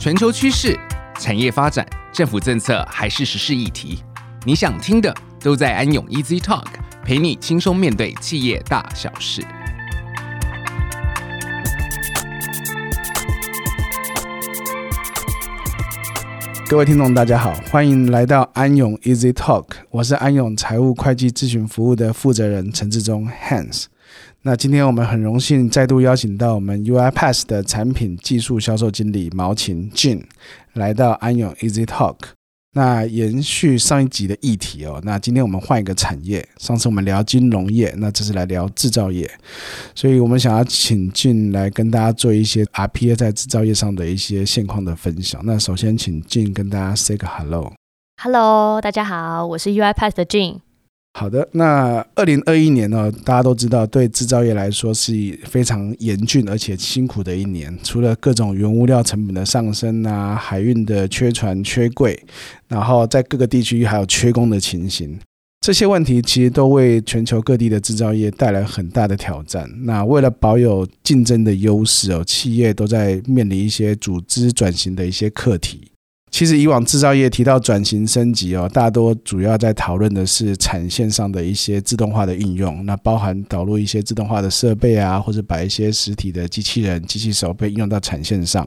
全球趨勢、產業發展、政府政策還是時事議題，你想聽的都在安永 Easy Talk，陪你輕鬆面對企業大小事。各位聽眾，大家好，歡迎來到安永 Easy Talk，我是安永財務會計諮詢服務的負責人陳智忠 Hans。那今天我們很榮幸再度邀請到我們 UiPath 的產品技術銷售經理毛琴 Jin 來到安永 Easy Talk。那延續上一集的議題哦，那今天我們換一個產業，上次我們聊金融業，那這次來聊製造業。所以我們想要請 Jin 來跟大家做一些 RPA 在製造業上的一些現況的分享。那首先請 Jin 跟大家 say 個 hello。Hello，大家好，我是 UiPath 的 Jin。好的，那二零二一年呢、哦，大家都知道，對製造業來說是非常嚴峻而且辛苦的一年。除了各種原物料成本的上升啊，海運的缺船缺櫃，然後在各個地區還有缺工的情形，這些問題其實都為全球各地的製造業帶來很大的挑戰。那為了保有競爭的優勢哦，企業都在面臨一些組織轉型的一些課題。其實以往製造業提到轉型升級哦，大多主要在討論的是產線上的一些自動化的應用，那包含導入一些自動化的設備啊，或者把一些實體的機器人、機器手被應用到產線上。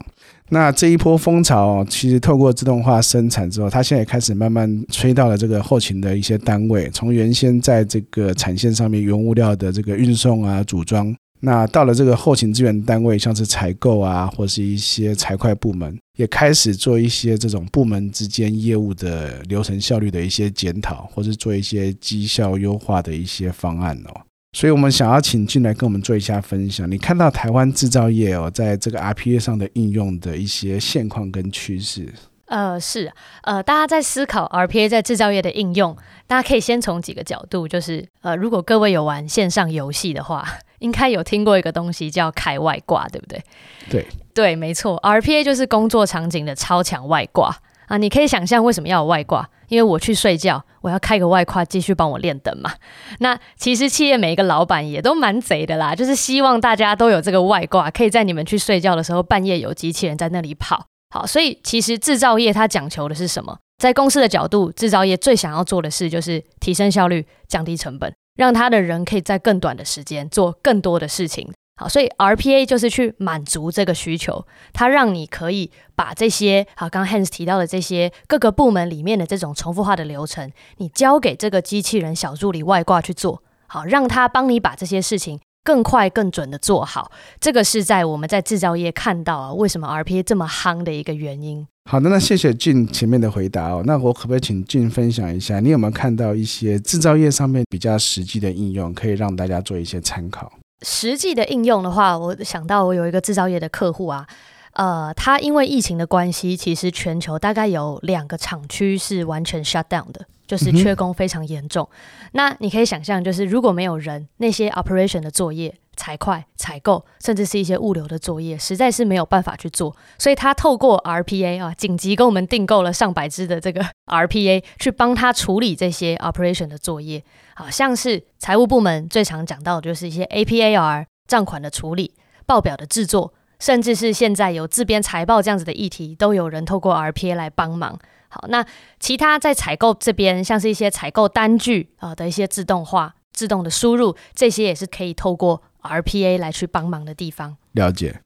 那這一波風潮，其實透過自動化生產之後，它現在也開始慢慢吹到了這個後勤的一些單位，從原先在這個產線上面原物料的這個運送啊、組裝。那到了這個後勤資源單位，像是採購啊，或是一些財會部門，也開始做一些這種部門之間業務的流程效率的一些檢討，或是做一些績效優化的一些方案哦。所以，我們想要請 Jin 來跟我們做一下分享。你看到台灣製造業哦，在這個 RPA 上的應用的一些現況跟趨勢。呃，是、啊、呃，大家在思考 RPA 在製造業的應用，大家可以先從幾個角度，就是呃，如果各位有玩線上遊戲的話。應該有聽過一個東西叫開外掛，對不對？對對，沒錯，RPA 就是工作場景的超強外掛啊！你可以想象為什麼要有外掛，因為我去睡覺，我要開個外掛繼續幫我練等嘛。那其實企業每一個老闆也都蠻賊的啦，就是希望大家都有這個外掛，可以在你們去睡覺的時候，半夜有機器人在那裡跑。好，所以其實製造業它講求的是什麼？在公司的角度，製造業最想要做的事就是提升效率、降低成本。讓他的人可以在更短的時間做更多的事情。好，所以 RPA 就是去滿足這個需求，它讓你可以把這些好，剛 Hans 提到的這些各個部門裡面的這種重複化的流程，你交給這個機器人小助理外掛去做好，讓他幫你把這些事情。更快、更準的做好，這個是在我們在制造業看到啊，為什麼 RPA 這麼夯的一個原因。好的，那謝謝 Jin 前面的回答哦。那我可不可以請 Jin 分享一下，你有沒有看到一些制造業上面比較實際的應用，可以讓大家做一些參考？實際的應用的話，我想到我有一個制造業的客戶啊，呃，他因為疫情的關係，其實全球大概有兩個廠區是完全 shut down 的。就是缺工非常嚴重。嗯，那你可以想象，就是如果沒有人，那些 operation 的作業、財會、採購，甚至是一些物流的作業，實在是沒有辦法去做。所以，他透過 RPA 啊，緊急跟我們訂購了上百隻的這個 RPA，去幫他處理這些 operation 的作業。好，像是財務部門最常講到的就是一些 APAR 賬款的處理、報表的制作，甚至是現在有自編財報這樣子的議題，都有人透過 RPA 來幫忙。好，那其他在採購這邊，像是一些採購單據啊的一些自動化、自動的輸入，這些也是可以透過 RPA 來去幫忙的地方。了解。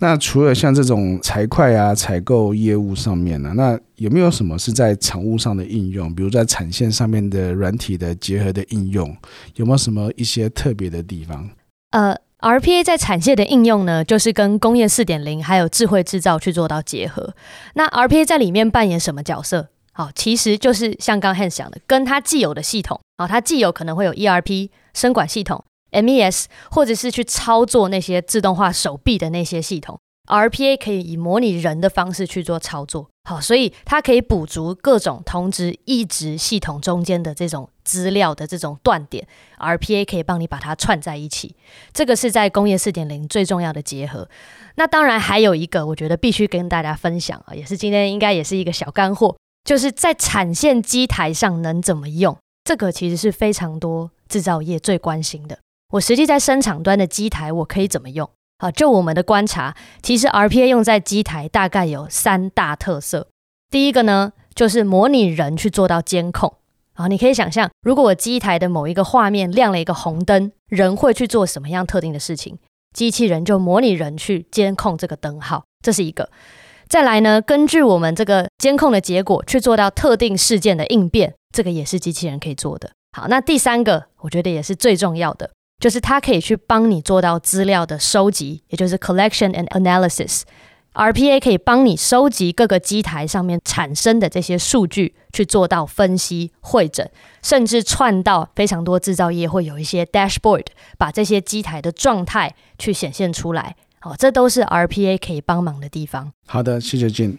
那除了像這種財會啊、採購業務上面呢、啊，那有沒有什麼是在廠務上的應用？比如在產線上面的軟體的結合的應用，有沒有什麼一些特別的地方？呃。RPA 在產線的應用呢，就是跟工業四點零還有智慧製造去做到結合。那 RPA 在裡面扮演什麼角色？好、哦，其實就是像剛 Hans 講的，跟它既有的系統，好、哦，它既有可能會有 ERP、生管系統、MES，或者是去操作那些自動化手臂的那些系統。RPA 可以以模擬人的方式去做操作，好，所以它可以補足各種同質異質系統中間的這種資料的這種斷點，RPA 可以幫你把它串在一起。這個是在工業四點零最重要的結合。那當然還有一個，我覺得必須跟大家分享啊，也是今天應該也是一個小干貨，就是在產線機台上能怎麼用？這個其實是非常多制造業最關心的。我實際在生產端的機台，我可以怎麼用？好，就我們的觀察，其實 RPA 用在機台大概有三大特色。第一個呢，就是模擬人去做到監控。好，你可以想象，如果我機台的某一個畫面亮了一個紅燈，人會去做什麼樣特定的事情？機器人就模擬人去監控這個燈號，這是一個。再來呢，根據我們這個監控的結果去做到特定事件的應變，這個也是機器人可以做的。好，那第三個，我覺得也是最重要的。就是它可以去幫你做到資料的收集，也就是 collection and analysis。RPA 可以幫你收集各個機台上面產生的這些數據，去做到分析、彙整，甚至串到非常多製造業會有一些 dashboard，把這些機台的狀態去顯現出來。哦，這都是 RPA 可以幫忙的地方。好的，謝謝 Jin。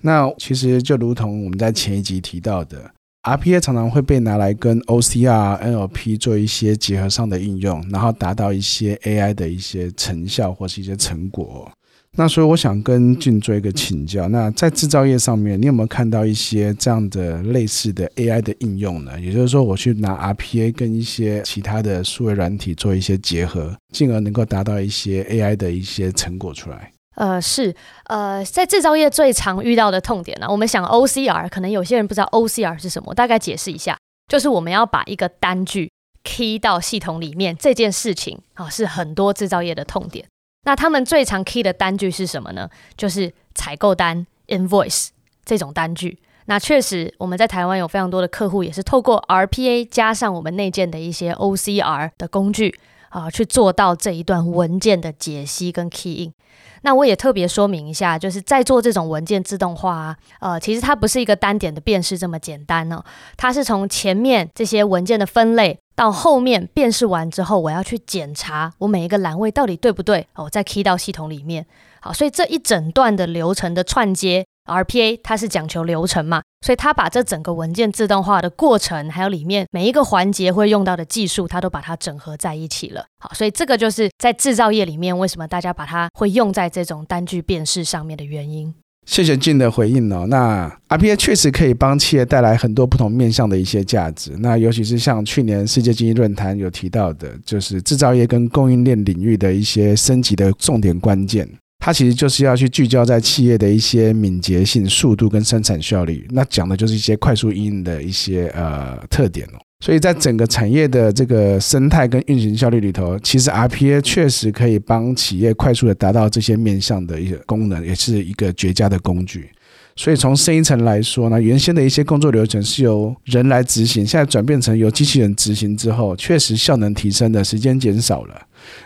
那其實就如同我們在前一集提到的。RPA 常常會被拿來跟 OCR、NLP 做一些結合上的應用，然後達到一些 AI 的一些成效或是一些成果。那所以我想跟俊做一個請教，那在制造業上面，你有沒有看到一些這樣的類似的 AI 的應用呢？也就是說，我去拿 RPA 跟一些其他的數位軟體做一些結合，進而能夠達到一些 AI 的一些成果出來。呃是，呃在製造業最常遇到的痛點呢啊，我們想 OCR，可能有些人不知道 OCR 是什麼，我大概解釋一下，就是我們要把一個單據 key 到系統裡面這件事情啊，是很多製造業的痛點。那他們最常 key 的單據是什麼呢？就是採購單 invoice 這種單據。那確實我們在台灣有非常多的客戶，也是透過 RPA 加上我們內建的一些 OCR 的工具。啊，去做到這一段文件的解析跟 key in。那我也特別說明一下，就是在做這種文件自動化啊，呃，其實它不是一個單點的辨識這麼簡單哦，它是從前面這些文件的分類到後面辨識完之後，我要去檢查我每一個欄位到底對不對哦，再 key 到系統裡面。好，所以這一整段的流程的串接。RPA，它是講求流程嘛，所以它把這整個文件自動化的過程，還有裡面每一個環節會用到的技術，它都把它整合在一起了。好，所以這個就是在製造業裡面，為什麼大家把它會用在這種單據辨識上面的原因。謝謝 Jin 的回應哦。那 RPA 確實可以幫企業帶來很多不同面向的一些價值。那尤其是像去年世界經濟論壇有提到的，就是製造業跟供應鏈領域的一些升級的重點關鍵。它其實就是要去聚焦在企業的一些敏捷性、速度跟生產效率，那講的就是一些快速應用的一些呃特點哦。所以在整個產業的這個生態跟運行效率裡頭，其實 RPA 確實可以幫企業快速的達到這些面向的一些功能，也是一個絕佳的工具。所以從深一層來說呢，原先的一些工作流程是由人來執行，現在轉變成由機器人執行之後，確實效能提升了，時間減少了。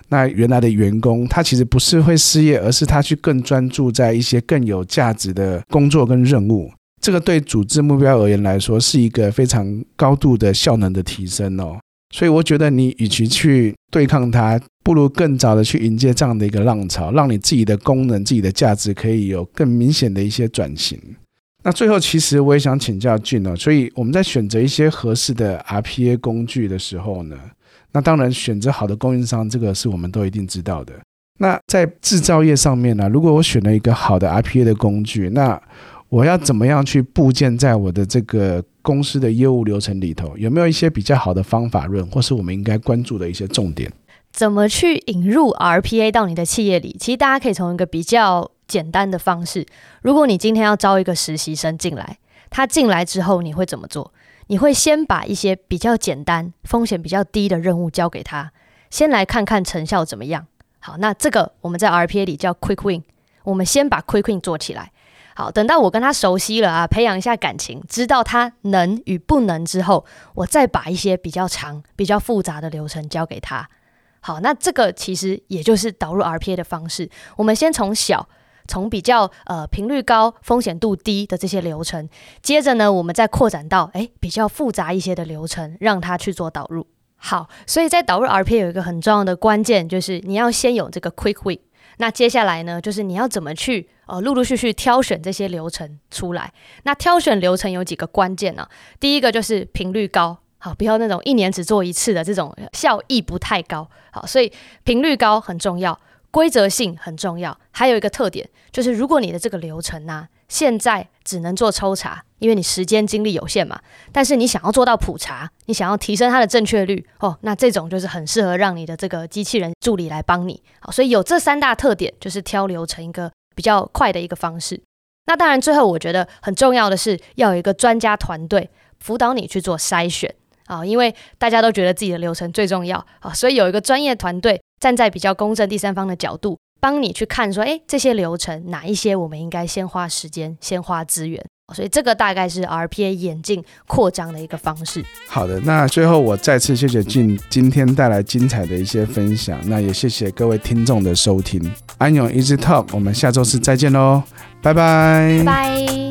那原來的員工，他其實不是會失業，而是他去更專注在一些更有價值的工作跟任務。這個對組織目標而言來說，是一個非常高度的效能的提升哦。所以我覺得，你與其去對抗它，不如更早的去迎接這樣的一個浪潮，讓你自己的功能、自己的價值，可以有更明顯的一些轉型。那最後，其實我也想請教 Jin 哦，所以我們在選擇一些合適的 RPA 工具的時候呢？那當然，選擇好的供應商，這個是我們都一定知道的。那在製造業上面呢、啊，如果我選了一個好的 RPA 的工具，那我要怎麼樣去布建在我的這個公司的業務流程裡頭？有沒有一些比較好的方法論，或是我們應該關注的一些重點？怎麼去引入 RPA 到你的企業裡？其實大家可以從一個比較簡單的方式：如果你今天要招一個實習生進來，他進來之後你會怎麼做？你會先把一些比較簡單、風險比較低的任務交給他，先來看看成效怎麼樣。好，那這個我們在 RPA 裡叫 Quick Win，我們先把 Quick Win 做起來。好，等到我跟他熟悉了啊，培養一下感情，知道他能與不能之後，我再把一些比較長、比較複雜的流程交給他。好，那這個其實也就是導入 RPA 的方式，我們先從小。從比較呃頻率高、風險度低的這些流程，接着呢，我們再擴展到誒比較複雜一些的流程，讓它去做導入。好，所以在導入 RP 有一個很重要的關鍵，就是你要先有這個 Quick Win。那接下來呢，就是你要怎麼去呃陸陸續續挑選這些流程出來？那挑選流程有幾個關鍵呢、啊？第一個就是頻率高，好，不要那種一年只做一次的這種效益不太高，好，所以頻率高很重要。規則性很重要，還有一個特點就是，如果你的這個流程呢、啊，現在只能做抽查，因為你時間精力有限嘛。但是你想要做到普查，你想要提升它的正確率哦，那這種就是很適合讓你的這個機器人助理來幫你。好，所以有這三大特點，就是挑流程一個比較快的一個方式。那當然，最後我覺得很重要的是要有一個專家團隊輔導你去做篩選。啊，因為大家都覺得自己的流程最重要啊，所以有一個專業團隊站在比較公正第三方的角度，幫你去看說，哎，這些流程哪一些我們應該先花時間，先花資源。所以這個大概是 RPA 眼鏡擴張的一個方式。好的，那最後我再次謝謝 Jin 今天帶來精彩的一些分享，那也謝謝各位聽眾的收聽。安永 Easy Talk，我們下周四再見嘍，拜拜。拜。